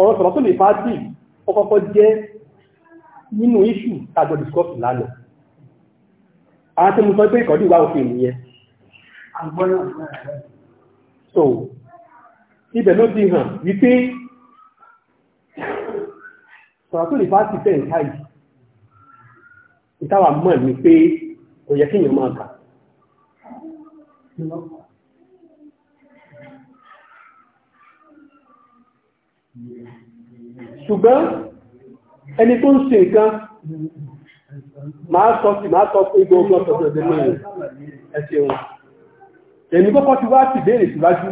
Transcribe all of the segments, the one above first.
ọ̀rọ̀ sọ̀rọ̀ tó lè fàájì ó kọ́kọ́ jẹ́ nínú iṣu tàbí discourse lánàá àwọn tí mo sọ pé ìkọ̀dí ìwà òfin nìyẹn so ibẹ̀ ló ti hàn wípé sọ̀rọ̀ tó lè fàájì fẹ́ ìkáyì ìtawà mọ̀ ní pé kò yẹ kí èèyàn máa kà ṣùgbọ́n ẹni tó ń ṣe nǹkan máa sọ sí máa sọ pé gbogbo ọ̀pọ̀lọpọ̀ ìdẹ́mọ̀ ẹ̀ṣẹ̀ wọn èmi kọ́kọ́ ti wá ti béèrè síwájú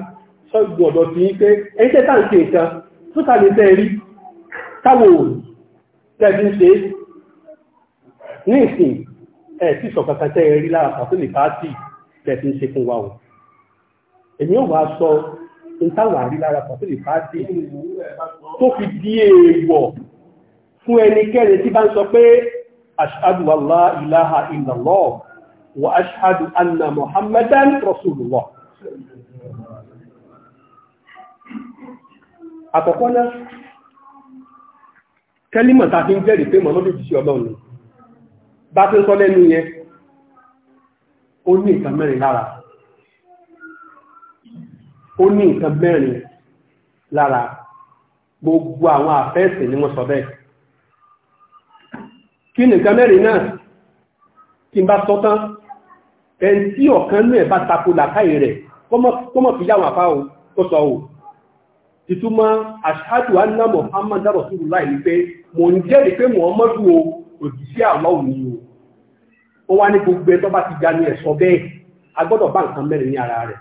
sọ́gbọ̀n ọ̀dọ̀ ti yí pé ẹni tẹ́ta ń ṣe nǹkan tó tàbí tẹ́ rí táwò tẹ́bí ń ṣe ní ìsìn ẹ̀ tí sọ̀kàkà tẹ́ rí o èmi ò wá sọ ìtawà rí lára pàtó lè bá dé tó fi di èèwọ̀ fún ẹnikẹ́ni tí bá ń sọ pé ashhadu allah ilaha illallah wa ashhadu anna muhammadan rasulullah àkọ́kọ́ náà kẹ́límọ̀ ta fi ń jẹ́rìí pé mọ̀lọ́dún ti ṣe ọlọ́run bá ti ń sọ lẹ́nu yẹn ó ní ìtàn lára ó ní nǹkan mẹ́rin lára gbogbo àwọn àfẹ́ẹ̀sì ni wọ́n sọ bẹ́ẹ̀ kí nìkan mẹ́rin náà kí n bá sọ tán ẹni tí ọ̀kan náà bá tako làkáyè rẹ̀ kọ́mọ̀ fi yáwọn àfáà ó sọ ò ìtumọ̀ ashadu anna Muhammad rasulullah ní pé mo ń jẹ́rìí pé Muhammadu o òjíṣẹ́ Allah ni o ó wá ní gbogbo ẹ̀ tó bá ti ga ní ẹ̀sọ́ bẹ́ẹ̀ a bá nǹkan mẹ́rin ní ara rẹ̀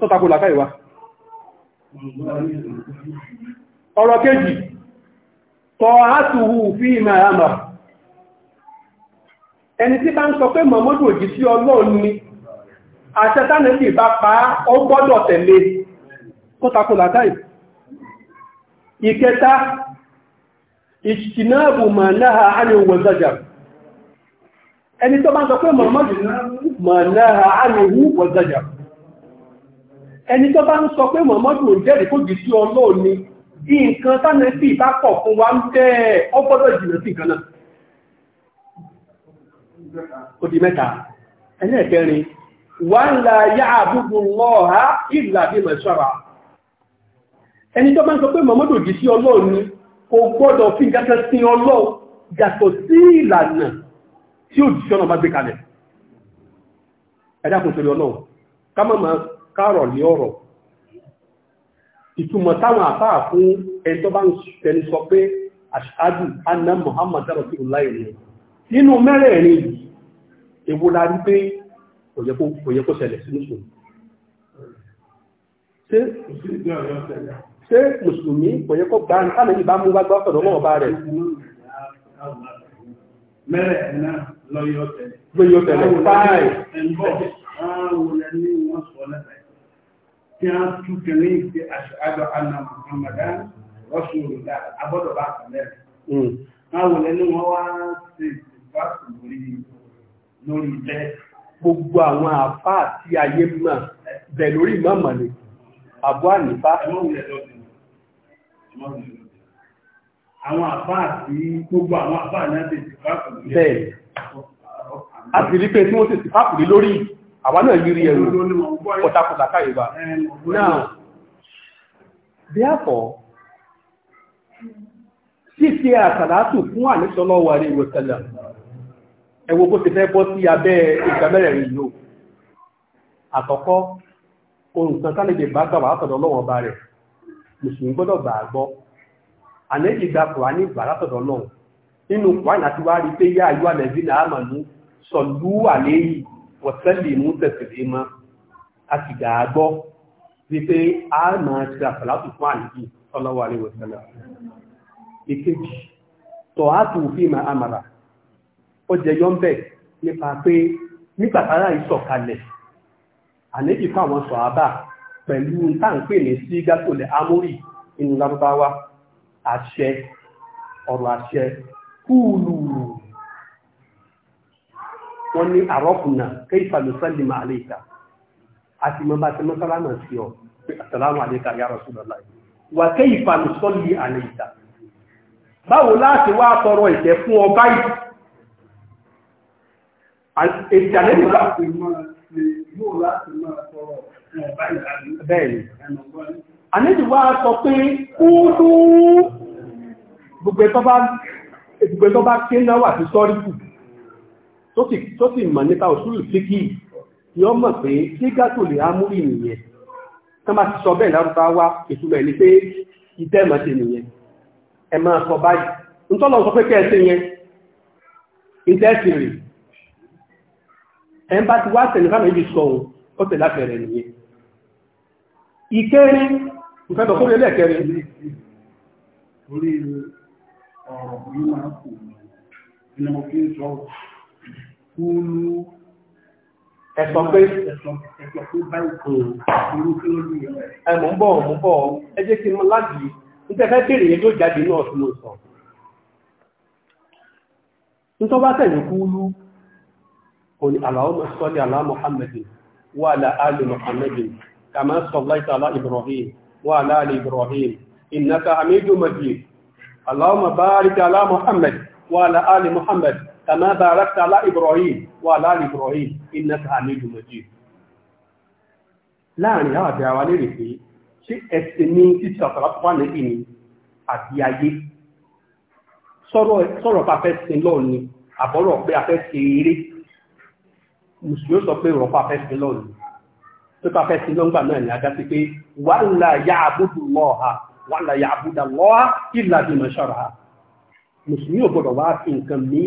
tó tako làkà ìwà ọ̀rọ̀ kejì tọ́ átùhù fi ìmọ̀ àmà ẹni tí bá ń sọ pé mọ̀mọ́dù òjì sí ọlọ́run ni àṣẹ́tánẹ́sì bá pa ọ gbọ́dọ̀ tẹ̀lé tó tako làkà ìkẹta ìṣìnàbù mà náà ẹni tó bá ń sọ pé mọ̀mọ́dù mà náà ánìwò zajà ẹni tó bá ń sọ pé mọ̀mọ́dún ò jẹ́rìí kó jì sí ọlọ́ọ̀ ni nǹkan tánà sí ìbápọ̀ fún wa ń tẹ́ ọgbọ́dọ̀ jìnà sí ìkan náà ó di mẹ́ta ẹlẹ́ẹ̀kẹrin wà ń la yá àbúgbù lọ́ha ìlà bí mẹ́ṣọ́ra ẹni tó bá ń sọ pé mọ̀mọ́dún ò jì sí ọlọ́ọ̀ ni kò gbọ́dọ̀ fi gẹ́gẹ́ sí ọlọ́ọ̀ yàtọ̀ sí ìlànà tí ó jì sí ọ̀nà bá gbé kalẹ̀ ẹ̀dá kò sórí ọlọ́ọ̀ ká mọ̀ máa kárọ̀ lé ọ̀rọ̀ ìtumọ̀ táwọn àfáà fún ẹni tó bá ń tẹni sọ pé ashadu anna muhammad rasulullah ni nínú mẹ́rẹ̀ẹ̀rin yìí èwo la rí pé kò yẹ kó ṣẹlẹ̀ sí mùsùlùmí ṣé mùsùlùmí kò yẹ kó gbá ní kánà yìí bá mú bá gbá ọ̀dọ̀ mọ́ ọba rẹ̀ tí a tú kẹlẹ́ ìfẹ́ aṣọ́gbọ́ anna muhammadan rasulullah abọ́dọ̀ bá kàlẹ̀ àwọn ẹni wọ́n wá sí ìfàṣù lórí ilẹ̀ gbogbo àwọn àfá àti ayé mọ̀ bẹ̀ lórí ìmọ̀mọ̀ ni àbú ànífà àwọn àfá àti gbogbo àwọn àfá àti ìfàṣù lórí àwa náà yìí rí ẹrù pọ̀tàkùtà káyìbá now therefore ṣíṣe àsàlátù fún àníṣọ́lọ́wà ní ìwòsànlẹ̀ ẹwọ bó ti fẹ́ bọ́ sí abẹ́ ìgbàmẹ́rẹ̀ rìn yóò àkọ́kọ́ ohun kan tálẹ́gbẹ̀ bá gbà wà látọ̀dọ̀ lọ́wọ́ bá rẹ̀ mùsùlùmí gbọ́dọ̀ gbà gbọ́ àníjì gba kùránì gbà látọ̀dọ̀ lọ́wọ́ nínú kùránì àti wá rí pé yá ayú àlẹ́bí làámà ní sọ̀lú àléyìí wọ̀tẹ́lì mú tẹ̀sìlì ma a ti gàágbọ́ wípé a máa ṣe àfàlátù fún àyíkí sallallahu alaihi wasallam ìkejì tọ̀ á tù fi ma àmàrà ó jẹ yọ́ ń bẹ̀ nípa pé nígbàtàrà ìsọ̀kalẹ̀ àlejì fáwọn sọ̀hábà pẹ̀lú táǹpé ní sí gátòlẹ̀ amórì inú lárúbáwá àṣẹ ọ̀rọ̀ àṣẹ kúùlù wọ́n ní àrọ́kùnà kayfa nusallimu alayka àti mọ́ bá ti mọ́ sálámà sí ọ assalamu alayka ya Rasulullah wa kayfa nusalli alayka báwo láti wá tọrọ ìtẹ́ fún ọ báyìí ètì àlẹ́bí bá bẹ́ẹ̀ni àlẹ́bí wá sọ pé gbogbo ẹ̀tọ́ bá ké náwà ti sọ́rí kù tó sì mọ̀ nípa òṣùlù fíkì yọ mọ̀ pé sígá tó lè amúrì nìyẹn tán bá ti sọ bẹ́ẹ̀ lárúbáwá ìtumọ̀ ní pé ìtẹ́ mọ̀ sí nìyẹn ẹ máa sọ báyìí ntọ́lọ̀ sọ pé kẹ́ẹ̀sì yẹn ìtẹ́sì rè ẹ̀ ń bá ti wá tẹ̀lé fáwọn ibi sọ òun ó tẹ̀lé àfẹ́rẹ́ nìyẹn ìkẹrin nǹkan kúlú ẹ̀sọ́ pé ẹ̀mọ̀ ń bọ̀ mú bọ̀ ẹ jẹ́ kí n láti nítẹ́fẹ́ bèèrè yẹn tó jáde náà tí mo sọ tẹ̀lé kúlú òní Allahumma salli ala Muhammadin wa ala ali Muhammadin kama sallaita ala Ibrahim wa ala Ibrahim innaka hamidun majid Allahumma barik ala Muhammad wa ala ali Muhammad كما باركت على إبراهيم وعلى إبراهيم إنك حميد مجيد láàrin àwọn àbẹ̀rẹ̀ wa lè rè pé ṣé ẹ̀sìn ní títí ọ̀pọ̀lọpọ̀ níbi ni àti ayé sọ̀rọ̀ pa fẹ́ sin lọ́ọ̀ ni àbọ̀rọ̀ pé a fẹ́ ṣe eré mùsùlùmí sọ pé ọ̀rọ̀ pa fẹ́ sin lọ́ọ̀ ni pé pa fẹ́ sin lọ́ngbà náà ni a dá pé wà lá yà àbúdù lọ́ọ̀ha wà lá yà àbúdà lọ́ọ̀ha kí làdìmọ̀ ṣọ̀rọ̀ mùsùlùmí ò gbọ́dọ̀ wá fi nǹkan míì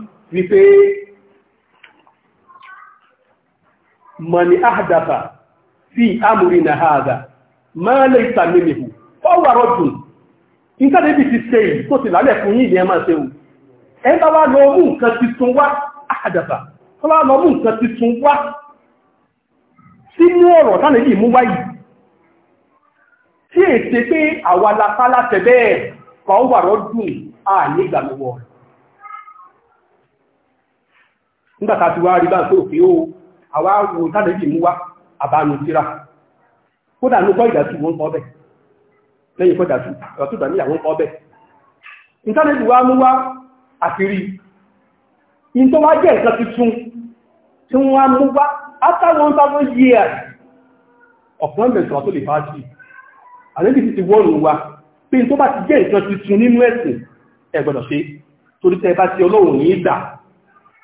wípé mọ̀ni àdàbà sí amuri na àdà máa lè ìtàmì nìhù fọ́wàrọ̀ dùn ìtàdébì ti se yìí tó ti lálẹ̀ fún yìí ni ẹ máa o ẹ bá wá lọ mú nǹkan si wá àdàbà tó bá lọ mú wá àwa dùn nígbàtà ti wá rí bá tó òfin ó àwá wo tánàbí mú wá àbánu tíra kódà ní kọ́ ìdásí wọn kọ́ bẹ̀ lẹ́yìn kọ́ ìdásí ọ̀tún ìdá níyàwó kọ́ bẹ̀ mú wá àfírí in tó wá jẹ́ tuntun tí wọ́n mú wá after one thousand years ọ̀pọ̀n mẹ́sàn tó lè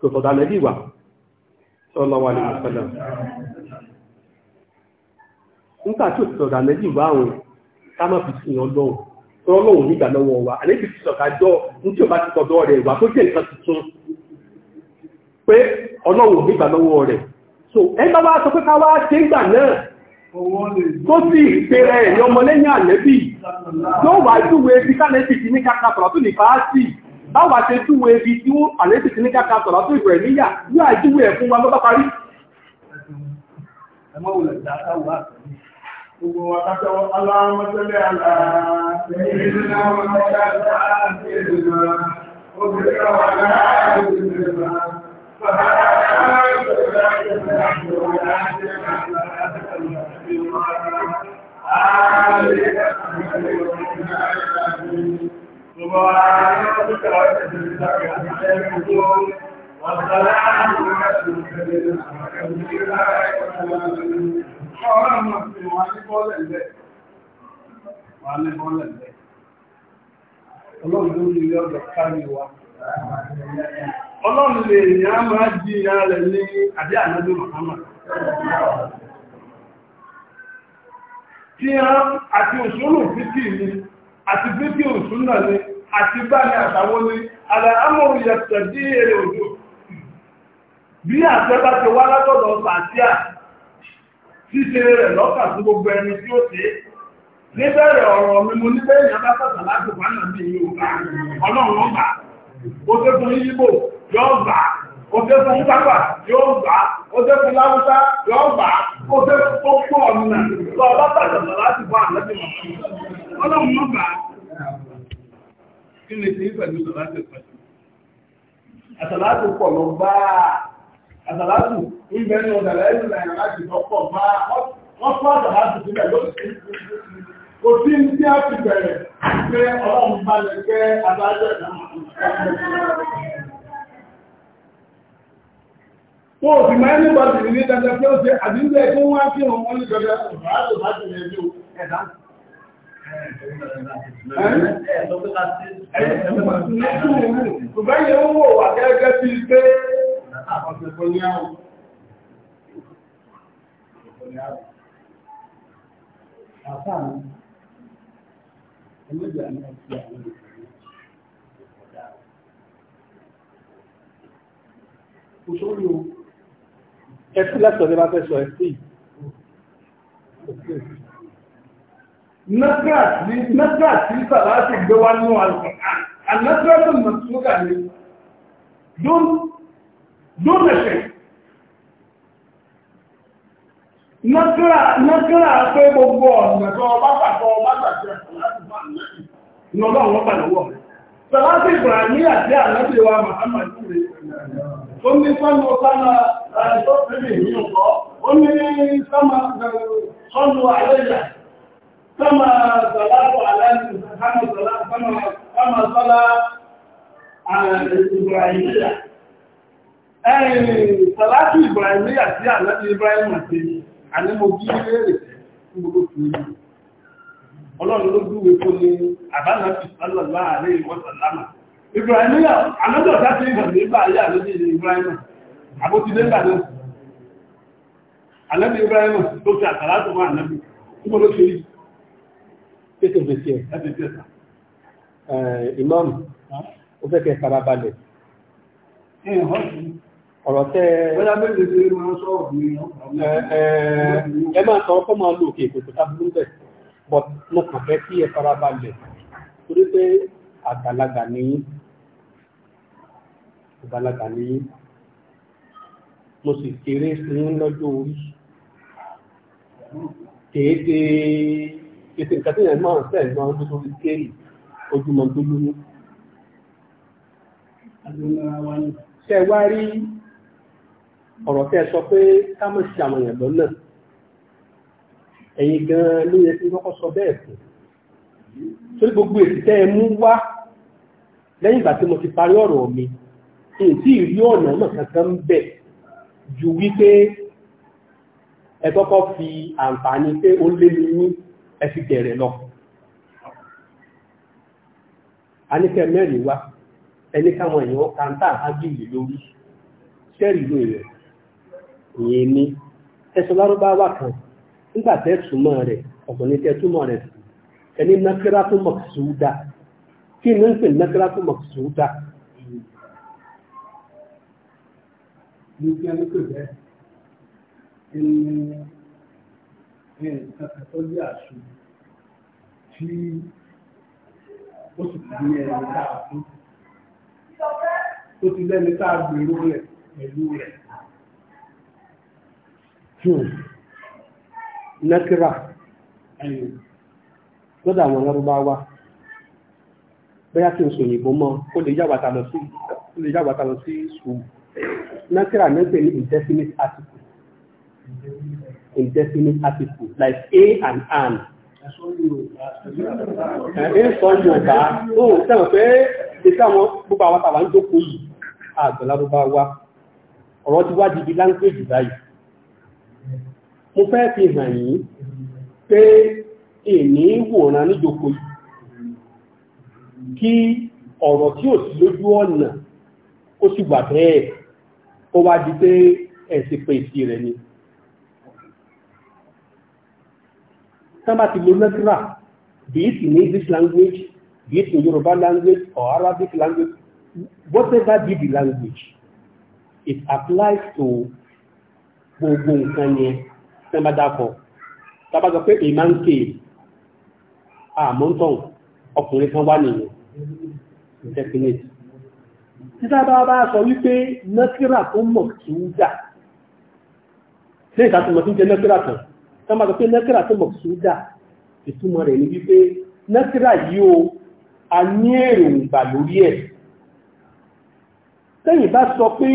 kò sọ̀dá lẹ́bí ìwà sallallahu alaihi wasallam nígbà tí ò ti sọ̀dá lẹ́bí ìwà fi sí ọlọ́run tó ọlọ́run nígbà ti ní tí bá ti rẹ̀ tó jẹ́ nǹkan tuntun pé ọlọ́run nígbà rẹ̀ so wá sọ pé ká wá ṣe ń gbà náà tó sì pé rẹ̀ báwa ṣe júwe ibi tí ó àlẹ́sì ti ní káka sọ̀rọ̀ tó ìbẹ̀rẹ̀ níyà yóò àjúwe ẹ̀fún wa lọ́bá parí. Thank you. Ọlọ́run lè ní a máa jí ìyá rẹ̀ ní àdí ànájú Màhámà. Tí a àti òṣòrò fítì ni, àti fítì òṣùn náà ni, àti báyìí àtàwọn ní aláàmùrù yẹ̀tẹ̀ dí èrè òjò bí ti wá látọ̀dọ̀ sàtíà ṣíṣe rẹ̀ lọ́kà sí gbogbo ẹni tí ó ṣe níbẹ̀rẹ̀ ọ̀rọ̀ mi mo níbẹ̀ èèyàn bá sàtà láti wà náà bí yorùbá ọlọ́run ọgbà ó ṣe fún yíbò yóò gbà ó ṣe fún pápá yóò gbà ó ṣe fún láwùsá yóò gbà ó bí ọlọ́run kí lè ṣe pẹ̀lú sàlátù pẹ̀lú. Àsàlátù pọ̀ lọ bá àsàlátù ń bẹ ní ọ̀dà lẹ́yìn náírà láti lọ́pọ̀ bá wọ́n fún àsàlátù sílẹ̀ lóṣìṣẹ́ kò sí ní tí a ti bẹ̀rẹ̀ pé ọlọ́run balẹ̀ pé adájọ́ ẹ̀dá Wọ́n ò sì máa ní bọ́ọ̀sì ní dandan pé ó ṣe àdínlẹ̀ tó wá kí òun wọ́n ní dandan ọ̀rọ̀ ẹ̀dá. Ṣùgbọ́n yẹn ń wò wà gẹ́gẹ́ bí pé ọ̀pọ̀lọpọ̀ ní àwọn. Àfáà ní, ẹlẹ́gbẹ̀ẹ́ ní ọ̀pọ̀ àwọn ìgbẹ̀rẹ̀. Òṣòrí o, ẹ̀sùn lẹ́sọ̀ọ́ ní bá fẹ́ sọ ẹ̀sìn nasra tí bàbá ti gbé wá nú alùpàá ànásra tó mọ̀ tó kà ní dúnlẹ̀ṣẹ̀ nasra pé gbogbo ọ̀nà tó ọba pàtó ọba gbàjẹ́ láti bá ànásì lọ́lọ́ àwọn pàlọ́wọ́ rẹ̀ sàlátì ìbìràní àti ànásì wa Muhammadu rẹ̀ ó ní sọ́nà sọ́nà àìsọ́sílẹ̀ ní ọ̀pọ̀ ó ní sọ́nà sọ́nà àlẹ́yà kama salatu ala kama salatu kama kama sala ibrahimiya ẹ̀yìn salatu ibrahimiya sí àlẹ́bí ibrahim àti ànímọ̀bí léèrè gbogbo tó yí ọlọ́run ló dúwe fún ní àbánàbí sálọ̀lá àlẹ́ ìwọ̀sàlámà ibrahimiya àlọ́dọ̀ sáté ìgbàmí àlẹ́bí ibrahim tó fi ṣe tètè fèsì ẹ̀ ìmáàmù ó fẹ́ kẹ́ fara balẹ̀ ọ̀rọ̀ tẹ́ ẹ máa sọ ọkọ́ máa lò òkè ìkòtò tábílú bẹ̀ but mo kàn fẹ́ kí ẹ fara balẹ̀ torí pé àgbàlagbà ní àgbàlagbà ní mo sì kéré sí lọ́jọ́ orí kéèkéé kìtì nǹkan tí yẹn máa ń fẹ́ máa ń mú sórí skéèlì ojúmọ́ tó lóyún. ṣe wá rí ọ̀rọ̀ tẹ́ sọ pé ká mọ̀ sí àwọn èèyàn lọ́nà ẹ̀yin gan-an ló yẹ kí kọ́kọ́ sọ bẹ́ẹ̀ fún torí gbogbo èsì tẹ́ mú wá lẹ́yìn ìgbà tí mo ti parí ọ̀rọ̀ mi èyí ìrí ọ̀nà náà kankan ń bẹ̀ ju wípé ẹ kọ́kọ́ fi àǹfààní pé ó lé mi ní ẹ fi lọ. Aníkẹ́ mẹ́rin wá, ẹni káwọn èèyàn kàńtà ágìlì lórí, sẹ́rì ló rẹ̀, ìyẹn ní. Ẹ̀sùn lárúbáwá kan, nígbà tẹ́ túmọ̀ rẹ̀, ọ̀pọ̀ tẹ́ túmọ̀ rẹ̀ sí. Ẹni nákírá tó mọ̀ sùúdà. Kí ni ń pè a nǹkan kan tó yẹ àṣù tí ó sì ti ní ẹni tá a fún tó ti lẹ́ni tá a gbèrò rẹ̀ pẹ̀lú rẹ̀. Hmm. Nẹ́kírà lọ́dọ̀ àwọn lárúbáwá bẹ́yà tí ó sọ òyìnbó mọ́ ó lè yàwàtà lọ sí ṣùgbọ́n nẹ́kírà nẹ́gbẹ̀ẹ́ ní indefinite article indefinite articles like a and an. Ẹ sọ Yorùbá tó sẹ́wọ̀n pé ìṣẹ́ àwọn gbogbo àwọn tàbá ń jókòó yìí àgbẹ̀lárúbá wa. Ọ̀rọ̀ ti wá di di láńgbèjì báyìí. Mo fẹ́ fi hàn yín pé èmi wòran níjókòó yìí. Kí ọ̀rọ̀ tí ò sí lójú ọ̀nà ó sì wà bẹ́ẹ̀ kó wá di pé ẹ̀sìn pèsè rẹ̀ ni. Somebody bá ti lo be it in English language be it in Yoruba language or Arabic language whatever be the language it applies to gbogbo nǹkan yẹn tán bá dákọ̀ tábà sọ pé èèmà ń ké àmọ́ntàn ọkùnrin kan wá nìyẹn definite títà bá bá sọ wípé nẹ́kírà tó mọ̀ tí ó dà lẹ́yìn tàbí mọ̀ tí ń jẹ nẹ́kírà kan tó máa sọ pé nẹ́kírà tó mọ̀súdà ìtumọ̀ rẹ̀ ni wípé nẹ́kírà yìí o a ní èròǹgbà lórí ẹ̀ tẹ́yìn bá sọ pé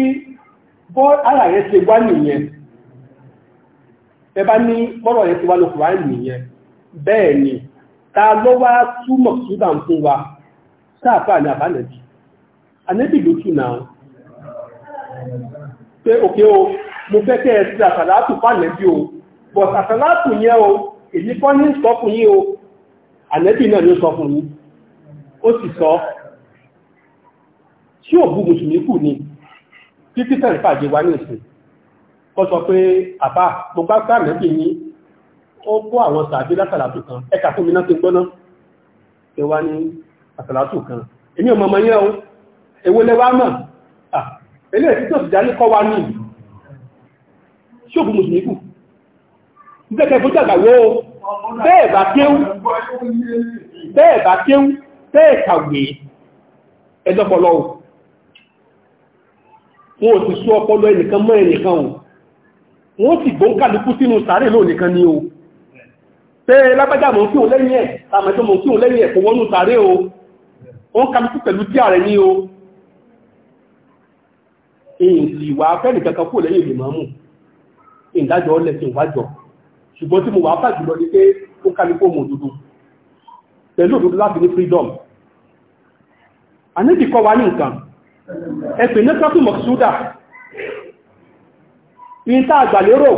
bọ́ ara yẹn ti wá nìyẹn ẹ bá ní bọ́rọ̀ yẹn ti wá lókùnrin wá nìyẹn bẹ́ẹ̀ ni ta ló wá túmọ̀ súdà fún wa sáàpá ní àbánẹ̀bí anẹ́bí ló tún náà pé òkè o mo fẹ́ kẹ́ ẹ ti àtàlà àtùpá nẹ́bí o but àsàlátù yẹn o èyí kọ́ ní sọ fún yín o ànẹ́bì náà ló sọ fún yín ó sì sọ tí ò bú mùsùlùmí kù ni títí sẹ́rìn fàájì wá ní ìsìn kọ́ sọ pé àbá gbogbo àgbà ànẹ́bì yín ó kó àwọn sàbí lásàlátù kan ẹ̀ka fún mi náà ti gbọ́ná ẹ wá ní àsàlátù kan èmi ò mọ̀mọ̀ yẹn o èwo lẹ́wà mọ̀ ah eléyìí tó sì dá ní kọ́ wa ní ṣòbù mùsùlùmí kù jẹ́kẹ́ fún jàgbàwó bẹ́ẹ̀ bá kéwú bẹ́ẹ̀ bá kéwú bẹ́ẹ̀ kàwé ẹjọ́pọ̀lọ́ wọn ò sì sú ọpọlọ ẹnìkan mọ́ ẹnìkan o wọ́n sì gbọ́n kálukú sínú sàárè ló nìkan ni o pé lágbàjá mọ̀ kí o lẹ́yìn ẹ̀ tàmẹ́jọ́ mọ̀ kí o lẹ́yìn ẹ̀ kò wọ́nú sàárè o wọ́n kálukú pẹ̀lú tí ààrẹ ní o èyí sì wà fẹ́nìkankan kú lẹ́yìn ìlú mọ́mù ìdájọ́ ọlẹ́sìn wájọ́ ṣùgbọ́n tí mo wà fà jùlọ ni pé ó ká ní kó mọ̀ òdodo pẹ̀lú òdodo láti ní freedom àníbì kọ́ wa ní nǹkan ẹ̀pẹ̀ ní sọ́tù mọ̀súdà ní tá àgbàlérò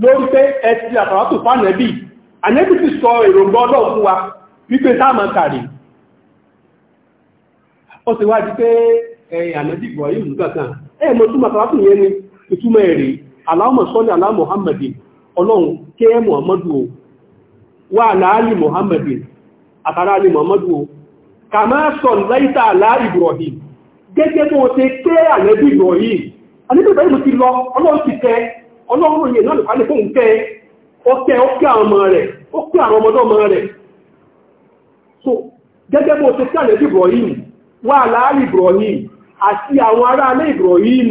lórí pé ẹ̀sì àtàwátù fánẹ̀bì àníbì ti sọ èròǹgbọ́ ọlọ́run fún wa wípé táàmà gbọ́ yìí nǹkan ẹ̀rẹ̀ aláwọ̀mọ̀ sọ́lẹ̀ aláwọ̀ Muhammadin ọlọ́run ké muhammadu o wà láàrí muhammadu àtàrà ní muhammadu o kà máa sọ láìta láàrí ibrahim gẹ́gẹ́ tó ṣe ké àlẹ́bí ibrahim so àti àwọn ará alẹ́ ibrahim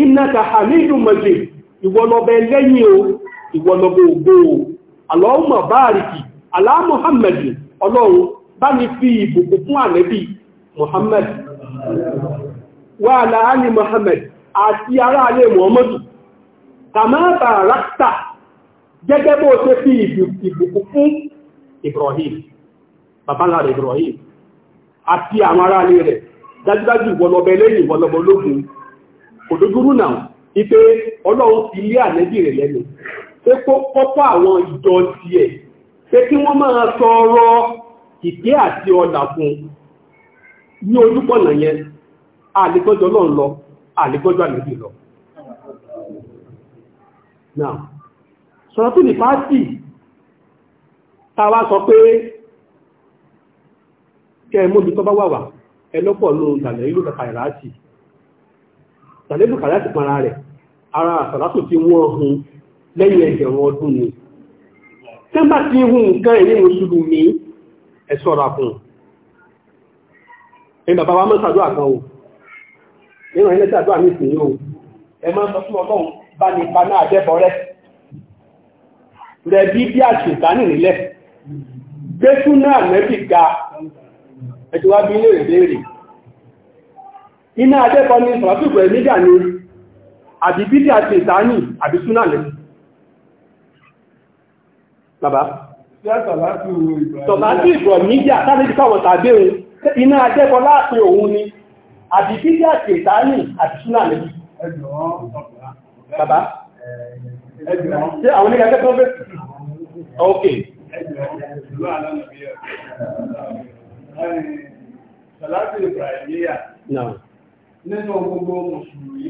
innaka hamidun majid ìwọlọ́bẹ̀ lẹ́yìn o ìwọlọ́bẹ̀ ògbó o Allahumma bariki ala Muhammadu ọlọ́run bá ní fi fún ànẹ́bí wà àti ará alẹ́ Muhammadu tàmábà ráktà gẹ́gẹ́ bó ṣe fi ìbùkún fún Ibrahim bàbálà rẹ̀ Ibrahim àti àwọn ará ipe ọlọ́run ti lé ànẹ́bì rẹ̀ lẹ́nu pé kó kọ́kọ́ àwọn ìjọ tiẹ̀ pé kí wọ́n máa sọ̀rọ̀ ìpẹ́ àti ọ̀dà fún ní ojúpọ̀nà yẹn àlẹ́gbọ́jọ́ lọ àlẹ́gbọ́jọ́ ànẹ́bì lọ. now ní pàtì sọ pé bá ẹlọ́pọ̀ ìlú ara àsàlátò tí wọ́n hun lẹ́yìn ẹgbẹ̀rún ọdún ni tí bá ti hun nǹkan ẹ̀yìn mùsùlùmí ẹ ṣọ́ra fún ẹni bàbá wa mọ́ ṣàdúrà kan o nínú ẹni ṣàdúrà ní ìsìn o ẹ máa sọ fún ọlọ́run bá ní ipa náà dẹ́bọ̀ rẹ̀ rẹ̀ bí bí àṣìtánì nílẹ̀ gbé fún náà mẹ́bí ga ẹjọ́ wá bí ilé ìbéèrè iná adẹ́kọ́ ní sọ̀rọ̀ pẹ̀lú àbí bídí àti ìtàní àbí súnàlẹ̀ bàbá tọ̀bátí ìbọ̀ mídíà tàbí káwọn tàbí ohun iná ajẹ́kọ láàpin òun ni àbí bídí àti ìtàní àbí súnàlẹ̀ bàbá ṣe àwọn onígbàgbẹ́ tó bẹ́ ok Salatu Ibrahimiyya nínú gbogbo Mùsùlùmí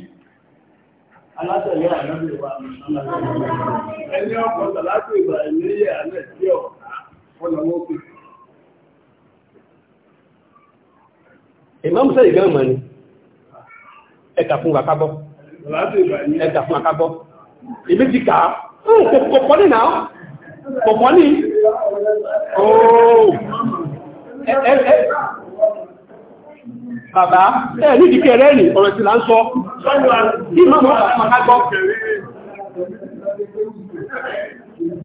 alátẹ̀lé ànábì wa ẹni ọkọ̀ sàlátì ìgbà ìléyè alẹ́ tí ọ̀gá ọlọ́wọ́ pè. ìmọ̀ sẹ́yìn gan mọ̀ ni ẹ̀ka fún akábọ́ ẹ̀ka fún akábọ́ ìbí ti kà á kọ̀pọ̀ ní náà kọ̀pọ̀ ní ooo bàbá ẹ̀ nídìí kẹrẹ́ rìn ọ̀rọ̀ sí là sọ kí